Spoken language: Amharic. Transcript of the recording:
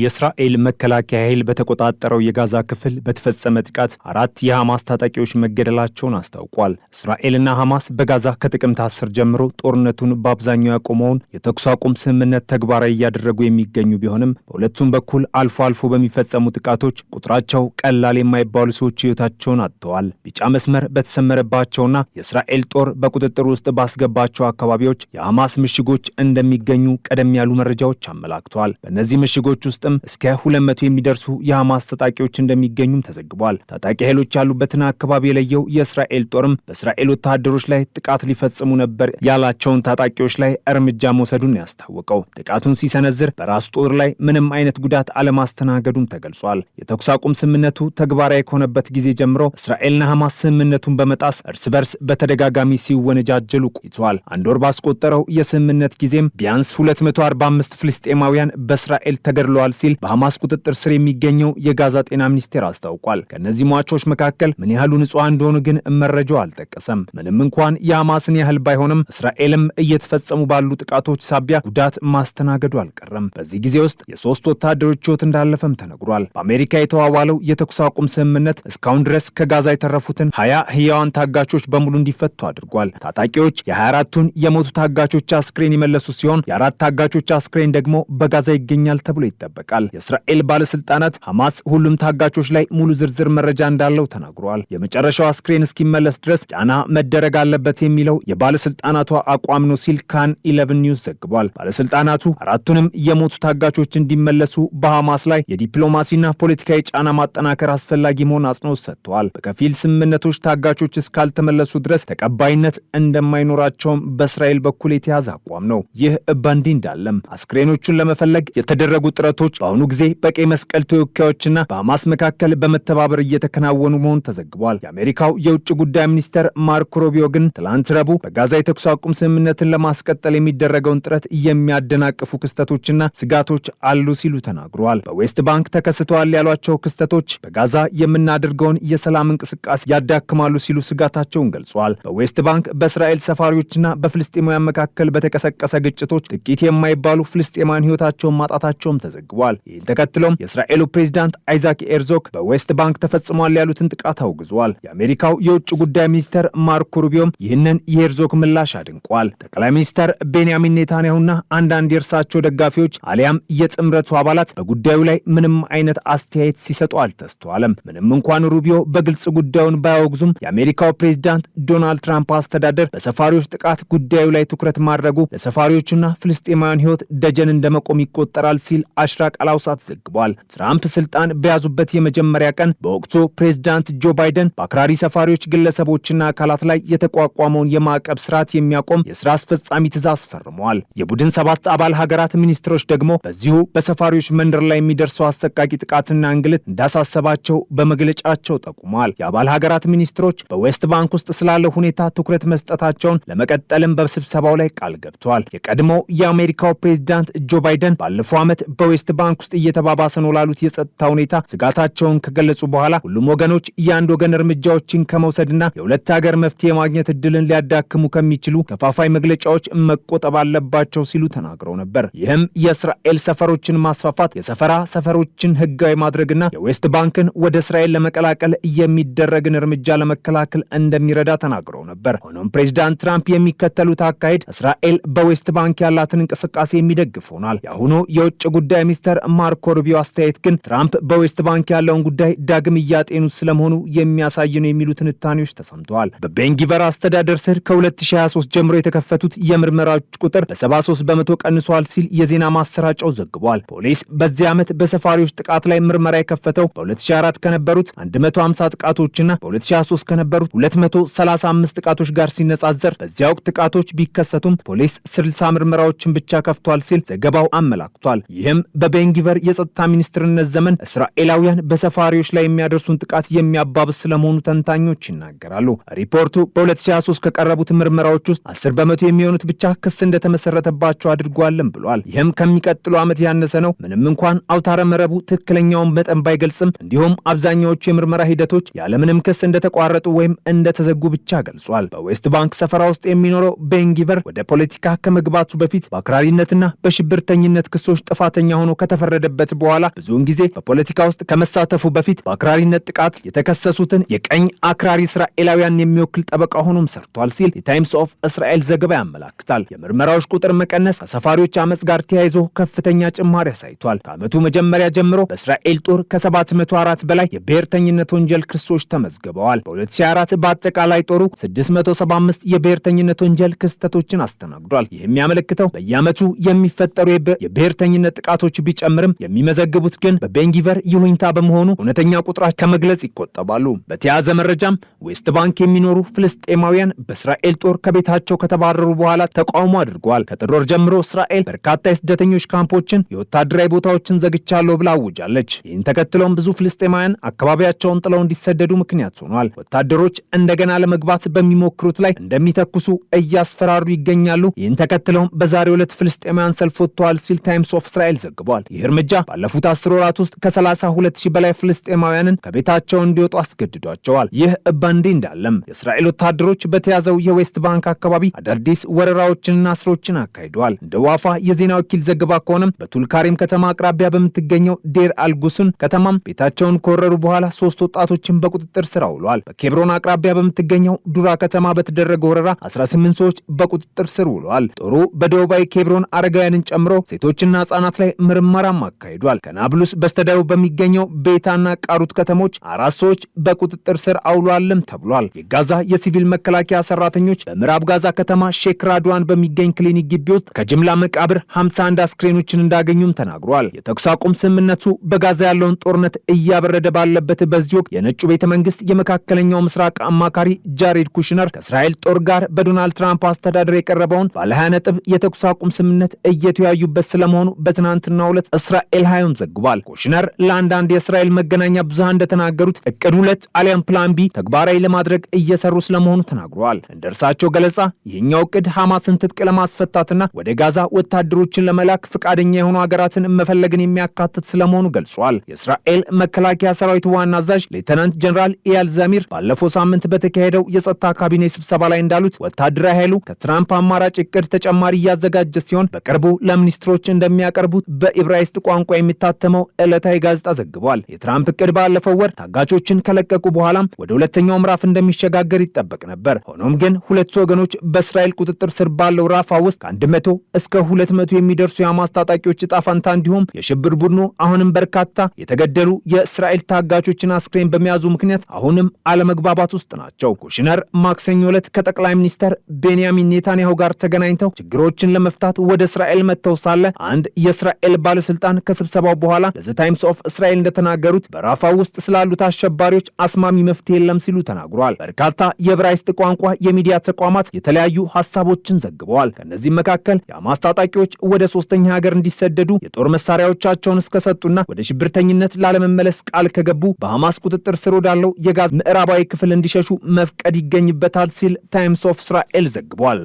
የእስራኤል መከላከያ ኃይል በተቆጣጠረው የጋዛ ክፍል በተፈጸመ ጥቃት አራት የሐማስ ታጣቂዎች መገደላቸውን አስታውቋል። እስራኤልና ሐማስ በጋዛ ከጥቅምት አስር ጀምሮ ጦርነቱን በአብዛኛው ያቆመውን የተኩስ አቁም ስምምነት ተግባራዊ እያደረጉ የሚገኙ ቢሆንም በሁለቱም በኩል አልፎ አልፎ በሚፈጸሙ ጥቃቶች ቁጥራቸው ቀላል የማይባሉ ሰዎች ሕይወታቸውን አጥተዋል። ቢጫ መስመር በተሰመረባቸውና የእስራኤል ጦር በቁጥጥር ውስጥ ባስገባቸው አካባቢዎች የሐማስ ምሽጎች እንደሚገኙ ቀደም ያሉ መረጃዎች አመላክተዋል። በእነዚህ ምሽጎች ውስጥ ውስጥም እስከ 200 የሚደርሱ የሐማስ ታጣቂዎች እንደሚገኙም ተዘግቧል። ታጣቂ ኃይሎች ያሉበትን አካባቢ የለየው የእስራኤል ጦርም በእስራኤል ወታደሮች ላይ ጥቃት ሊፈጽሙ ነበር ያላቸውን ታጣቂዎች ላይ እርምጃ መውሰዱን ያስታወቀው ጥቃቱን ሲሰነዝር በራሱ ጦር ላይ ምንም አይነት ጉዳት አለማስተናገዱም ተገልጿል። የተኩስ አቁም ስምምነቱ ተግባራዊ ከሆነበት ጊዜ ጀምሮ እስራኤልና ሐማስ ስምምነቱን በመጣስ እርስ በርስ በተደጋጋሚ ሲወነጃጀሉ ቆይተዋል። አንድ ወር ባስቆጠረው የስምምነት ጊዜም ቢያንስ 245 ፍልስጤማውያን በእስራኤል ተገድለዋል ተገድለዋል ሲል በሐማስ ቁጥጥር ስር የሚገኘው የጋዛ ጤና ሚኒስቴር አስታውቋል። ከእነዚህ ሟቾች መካከል ምን ያህሉ ንጹሐን እንደሆኑ ግን መረጃው አልጠቀሰም። ምንም እንኳን የሐማስን ያህል ባይሆንም እስራኤልም እየተፈጸሙ ባሉ ጥቃቶች ሳቢያ ጉዳት ማስተናገዱ አልቀረም። በዚህ ጊዜ ውስጥ የሶስት ወታደሮች ህይወት እንዳለፈም ተነግሯል። በአሜሪካ የተዋዋለው የተኩስ አቁም ስምምነት እስካሁን ድረስ ከጋዛ የተረፉትን ሀያ ህያዋን ታጋቾች በሙሉ እንዲፈቱ አድርጓል። ታጣቂዎች የ24ቱን የሞቱ ታጋቾች አስክሬን የመለሱ ሲሆን የአራት ታጋቾች አስክሬን ደግሞ በጋዛ ይገኛል ተብሎ ይጠበቃል። ይጠበቃል። የእስራኤል ባለስልጣናት ሐማስ ሁሉም ታጋቾች ላይ ሙሉ ዝርዝር መረጃ እንዳለው ተናግሯል። የመጨረሻው አስክሬን እስኪመለስ ድረስ ጫና መደረግ አለበት የሚለው የባለስልጣናቷ አቋም ነው ሲል ካን ኢለቭን ኒውስ ዘግቧል። ባለስልጣናቱ አራቱንም የሞቱ ታጋቾች እንዲመለሱ በሐማስ ላይ የዲፕሎማሲና ፖለቲካዊ ጫና ማጠናከር አስፈላጊ መሆን አጽንኦት ሰጥተዋል። በከፊል ስምምነቶች ታጋቾች እስካልተመለሱ ድረስ ተቀባይነት እንደማይኖራቸውም በእስራኤል በኩል የተያዘ አቋም ነው። ይህ በእንዲህ እንዳለም አስክሬኖቹን ለመፈለግ የተደረጉ ጥረቶች ስራዎች በአሁኑ ጊዜ በቀይ መስቀል ተወካዮችና በሐማስ መካከል በመተባበር እየተከናወኑ መሆኑ ተዘግቧል። የአሜሪካው የውጭ ጉዳይ ሚኒስተር ማርኮ ሮቢዮ ግን ትላንት ረቡዕ በጋዛ የተኩስ አቁም ስምምነትን ለማስቀጠል የሚደረገውን ጥረት የሚያደናቅፉ ክስተቶችና ስጋቶች አሉ ሲሉ ተናግረዋል። በዌስት ባንክ ተከስተዋል ያሏቸው ክስተቶች በጋዛ የምናደርገውን የሰላም እንቅስቃሴ ያዳክማሉ ሲሉ ስጋታቸውን ገልጿል። በዌስት ባንክ በእስራኤል ሰፋሪዎችና በፍልስጤማውያን መካከል በተቀሰቀሰ ግጭቶች ጥቂት የማይባሉ ፍልስጤማውያን ሕይወታቸውን ማጣታቸውም ተዘግቧል። አሳስቧል። ይህን ተከትሎም የእስራኤሉ ፕሬዚዳንት አይዛክ ኤርዞክ በዌስት ባንክ ተፈጽሟል ያሉትን ጥቃት አውግዟል። የአሜሪካው የውጭ ጉዳይ ሚኒስተር ማርኮ ሩቢዮም ይህንን የኤርዞክ ምላሽ አድንቋል። ጠቅላይ ሚኒስተር ቤንያሚን ኔታንያሁና አንዳንድ የእርሳቸው ደጋፊዎች አሊያም የጥምረቱ አባላት በጉዳዩ ላይ ምንም አይነት አስተያየት ሲሰጡ አልተስተዋለም። ምንም እንኳን ሩቢዮ በግልጽ ጉዳዩን ባያወግዙም የአሜሪካው ፕሬዚዳንት ዶናልድ ትራምፕ አስተዳደር በሰፋሪዎች ጥቃት ጉዳዩ ላይ ትኩረት ማድረጉ ለሰፋሪዎቹና ፍልስጤማውያን ሕይወት ደጀን እንደመቆም ይቆጠራል ሲል አሽራ ቀላውሳት ዘግቧል። ትራምፕ ስልጣን በያዙበት የመጀመሪያ ቀን በወቅቱ ፕሬዝዳንት ጆ ባይደን በአክራሪ ሰፋሪዎች ግለሰቦችና አካላት ላይ የተቋቋመውን የማዕቀብ ስርዓት የሚያቆም የስራ አስፈጻሚ ትእዛዝ ፈርመዋል። የቡድን ሰባት አባል ሀገራት ሚኒስትሮች ደግሞ በዚሁ በሰፋሪዎች መንደር ላይ የሚደርሰው አሰቃቂ ጥቃትና እንግልት እንዳሳሰባቸው በመግለጫቸው ጠቁመዋል። የአባል ሀገራት ሚኒስትሮች በዌስት ባንክ ውስጥ ስላለው ሁኔታ ትኩረት መስጠታቸውን ለመቀጠልም በስብሰባው ላይ ቃል ገብተዋል። የቀድሞው የአሜሪካው ፕሬዝዳንት ጆ ባይደን ባለፈው ዓመት በዌስት ባንክ ውስጥ እየተባባሰ ነው ላሉት የጸጥታ ሁኔታ ስጋታቸውን ከገለጹ በኋላ ሁሉም ወገኖች የአንድ ወገን እርምጃዎችን ከመውሰድና የሁለት ሀገር መፍትሄ የማግኘት እድልን ሊያዳክሙ ከሚችሉ ከፋፋይ መግለጫዎች መቆጠብ አለባቸው ሲሉ ተናግረው ነበር። ይህም የእስራኤል ሰፈሮችን ማስፋፋት፣ የሰፈራ ሰፈሮችን ህጋዊ ማድረግና የዌስት ባንክን ወደ እስራኤል ለመቀላቀል የሚደረግን እርምጃ ለመከላከል እንደሚረዳ ተናግረው ነበር። ሆኖም ፕሬዚዳንት ትራምፕ የሚከተሉት አካሄድ እስራኤል በዌስት ባንክ ያላትን እንቅስቃሴ የሚደግፍ ሆኗል። የአሁኑ የውጭ ጉዳይ ሚኒስ ሚኒስተር ማርኮ ሩቢዮ አስተያየት ግን ትራምፕ በዌስት ባንክ ያለውን ጉዳይ ዳግም እያጤኑት ስለመሆኑ የሚያሳይ ነው የሚሉ ትንታኔዎች ተሰምተዋል። በቤንጊቨር አስተዳደር ስር ከ2023 ጀምሮ የተከፈቱት የምርመራዎች ቁጥር በ73 በመቶ ቀንሷል ሲል የዜና ማሰራጫው ዘግቧል። ፖሊስ በዚህ ዓመት በሰፋሪዎች ጥቃት ላይ ምርመራ የከፈተው በ2004 ከነበሩት 150 ጥቃቶችና በ2023 ከነበሩት 235 ጥቃቶች ጋር ሲነጻዘር በዚያ ወቅት ጥቃቶች ቢከሰቱም ፖሊስ 60 ምርመራዎችን ብቻ ከፍቷል ሲል ዘገባው አመላክቷል። ይህም በ በቤንጊቨር የጸጥታ ሚኒስትርነት ዘመን እስራኤላውያን በሰፋሪዎች ላይ የሚያደርሱን ጥቃት የሚያባብስ ስለመሆኑ ተንታኞች ይናገራሉ። ሪፖርቱ በ2023 ከቀረቡት ምርመራዎች ውስጥ 10 በመቶ የሚሆኑት ብቻ ክስ እንደተመሰረተባቸው አድርጓለን ብሏል። ይህም ከሚቀጥሉ ዓመት ያነሰ ነው። ምንም እንኳን አውታረ መረቡ ትክክለኛውን መጠን ባይገልጽም፣ እንዲሁም አብዛኛዎቹ የምርመራ ሂደቶች ያለምንም ክስ እንደተቋረጡ ወይም እንደተዘጉ ብቻ ገልጿል። በዌስት ባንክ ሰፈራ ውስጥ የሚኖረው ቤንጊቨር ወደ ፖለቲካ ከመግባቱ በፊት በአክራሪነትና በሽብርተኝነት ክሶች ጥፋተኛ ሆኖ ከተፈረደበት በኋላ ብዙውን ጊዜ በፖለቲካ ውስጥ ከመሳተፉ በፊት በአክራሪነት ጥቃት የተከሰሱትን የቀኝ አክራሪ እስራኤላውያን የሚወክል ጠበቃ ሆኖም ሰርቷል ሲል የታይምስ ኦፍ እስራኤል ዘገባ ያመላክታል። የምርመራዎች ቁጥር መቀነስ ከሰፋሪዎች አመፅ ጋር ተያይዞ ከፍተኛ ጭማሪ አሳይቷል። ከአመቱ መጀመሪያ ጀምሮ በእስራኤል ጦር ከ704 በላይ የብሔርተኝነት ወንጀል ክሶች ተመዝግበዋል። በ2024 በአጠቃላይ ጦሩ 675 የብሔርተኝነት ወንጀል ክስተቶችን አስተናግዷል። ይህ የሚያመለክተው በየዓመቱ የሚፈጠሩ የብሔርተኝነት ጥቃቶች ቢጨምርም የሚመዘግቡት ግን በቤንጊቨር ይሁኝታ በመሆኑ እውነተኛ ቁጥራ ከመግለጽ ይቆጠባሉ። በተያያዘ መረጃም ዌስት ባንክ የሚኖሩ ፍልስጤማውያን በእስራኤል ጦር ከቤታቸው ከተባረሩ በኋላ ተቃውሞ አድርገዋል። ከጥር ወር ጀምሮ እስራኤል በርካታ የስደተኞች ካምፖችን፣ የወታደራዊ ቦታዎችን ዘግቻለሁ ብላ አውጃለች። ይህን ተከትለውም ብዙ ፍልስጤማውያን አካባቢያቸውን ጥለው እንዲሰደዱ ምክንያት ሆኗል። ወታደሮች እንደገና ለመግባት በሚሞክሩት ላይ እንደሚተኩሱ እያስፈራሩ ይገኛሉ። ይህን ተከትለውም በዛሬው ዕለት ፍልስጤማውያን ሰልፍ ወጥተዋል ሲል ታይምስ ኦፍ እስራኤል ዘግቧል። ተናግረዋል። ይህ እርምጃ ባለፉት አስር ወራት ውስጥ ከ32 ሺህ በላይ ፍልስጤማውያንን ከቤታቸው እንዲወጡ አስገድዷቸዋል። ይህ ባንዴ እንዳለም የእስራኤል ወታደሮች በተያዘው የዌስት ባንክ አካባቢ አዳዲስ ወረራዎችንና ስሮችን አካሂደዋል። እንደ ዋፋ የዜና ወኪል ዘገባ ከሆነም በቱልካሪም ከተማ አቅራቢያ በምትገኘው ዴር አልጉስን ከተማም ቤታቸውን ከወረሩ በኋላ ሶስት ወጣቶችን በቁጥጥር ስር ውለዋል። በኬብሮን አቅራቢያ በምትገኘው ዱራ ከተማ በተደረገ ወረራ 18 ሰዎች በቁጥጥር ስር ውለዋል። ጦሩ በደቡባዊ ኬብሮን አረጋውያንን ጨምሮ ሴቶችና ህጻናት ላይ ምርማ ምርመራም አካሂዷል። ከናብሉስ በስተደቡብ በሚገኘው ቤታና ቃሩት ከተሞች አራት ሰዎች በቁጥጥር ስር አውሏልም ተብሏል። የጋዛ የሲቪል መከላከያ ሰራተኞች በምዕራብ ጋዛ ከተማ ሼክ ራድዋን በሚገኝ ክሊኒክ ግቢ ውስጥ ከጅምላ መቃብር 51 አስክሬኖችን እንዳገኙም ተናግሯል። የተኩስ አቁም ስምምነቱ በጋዛ ያለውን ጦርነት እያበረደ ባለበት በዚህ ወቅት የነጩ ቤተ መንግስት የመካከለኛው ምስራቅ አማካሪ ጃሬድ ኩሽነር ከእስራኤል ጦር ጋር በዶናልድ ትራምፕ አስተዳደር የቀረበውን ባለ 20 ነጥብ የተኩስ አቁም ስምምነት እየተወያዩበት ስለመሆኑ በትናንትናው ዕለት ምህረት እስራኤል ሃዮን ዘግቧል። ኮሽነር ለአንዳንድ የእስራኤል መገናኛ ብዙሃን እንደተናገሩት እቅድ ሁለት አሊያም ፕላን ቢ ተግባራዊ ለማድረግ እየሰሩ ስለመሆኑ ተናግረዋል። እንደ እርሳቸው ገለጻ ይህኛው እቅድ ሐማስን ትጥቅ ለማስፈታትና ወደ ጋዛ ወታደሮችን ለመላክ ፈቃደኛ የሆኑ ሀገራትን መፈለግን የሚያካትት ስለመሆኑ ገልጿል። የእስራኤል መከላከያ ሰራዊት ዋና አዛዥ ሌተናንት ጀኔራል ኢያል ዛሚር ባለፈው ሳምንት በተካሄደው የጸጥታ ካቢኔ ስብሰባ ላይ እንዳሉት ወታደራዊ ኃይሉ ከትራምፕ አማራጭ እቅድ ተጨማሪ እያዘጋጀ ሲሆን በቅርቡ ለሚኒስትሮች እንደሚያቀርቡት በኢብራ በዕብራይስጥ ቋንቋ የሚታተመው ዕለታዊ ጋዜጣ ዘግቧል። የትራምፕ እቅድ ባለፈው ወር ታጋቾችን ከለቀቁ በኋላም ወደ ሁለተኛው ምዕራፍ እንደሚሸጋገር ይጠበቅ ነበር። ሆኖም ግን ሁለቱ ወገኖች በእስራኤል ቁጥጥር ስር ባለው ራፋ ውስጥ ከአንድ መቶ እስከ ሁለት መቶ የሚደርሱ የሐማስ ታጣቂዎች ጣፋንታ ፈንታ እንዲሁም የሽብር ቡድኑ አሁንም በርካታ የተገደሉ የእስራኤል ታጋቾችን አስክሬን በመያዙ ምክንያት አሁንም አለመግባባት ውስጥ ናቸው። ኩሽነር ማክሰኞ ዕለት ከጠቅላይ ሚኒስተር ቤንያሚን ኔታንያሁ ጋር ተገናኝተው ችግሮችን ለመፍታት ወደ እስራኤል መጥተው ሳለ አንድ የእስራኤል ባ ባለስልጣን ከስብሰባው በኋላ ለዘ ታይምስ ኦፍ እስራኤል እንደተናገሩት በራፋ ውስጥ ስላሉት አሸባሪዎች አስማሚ መፍትሄ የለም ሲሉ ተናግሯል። በርካታ የዕብራይስጥ ቋንቋ የሚዲያ ተቋማት የተለያዩ ሀሳቦችን ዘግበዋል። ከእነዚህም መካከል የሐማስ ታጣቂዎች ወደ ሶስተኛ ሀገር እንዲሰደዱ የጦር መሳሪያዎቻቸውን እስከሰጡና ወደ ሽብርተኝነት ላለመመለስ ቃል ከገቡ በሐማስ ቁጥጥር ስር ወዳለው የጋዝ ምዕራባዊ ክፍል እንዲሸሹ መፍቀድ ይገኝበታል ሲል ታይምስ ኦፍ እስራኤል ዘግቧል።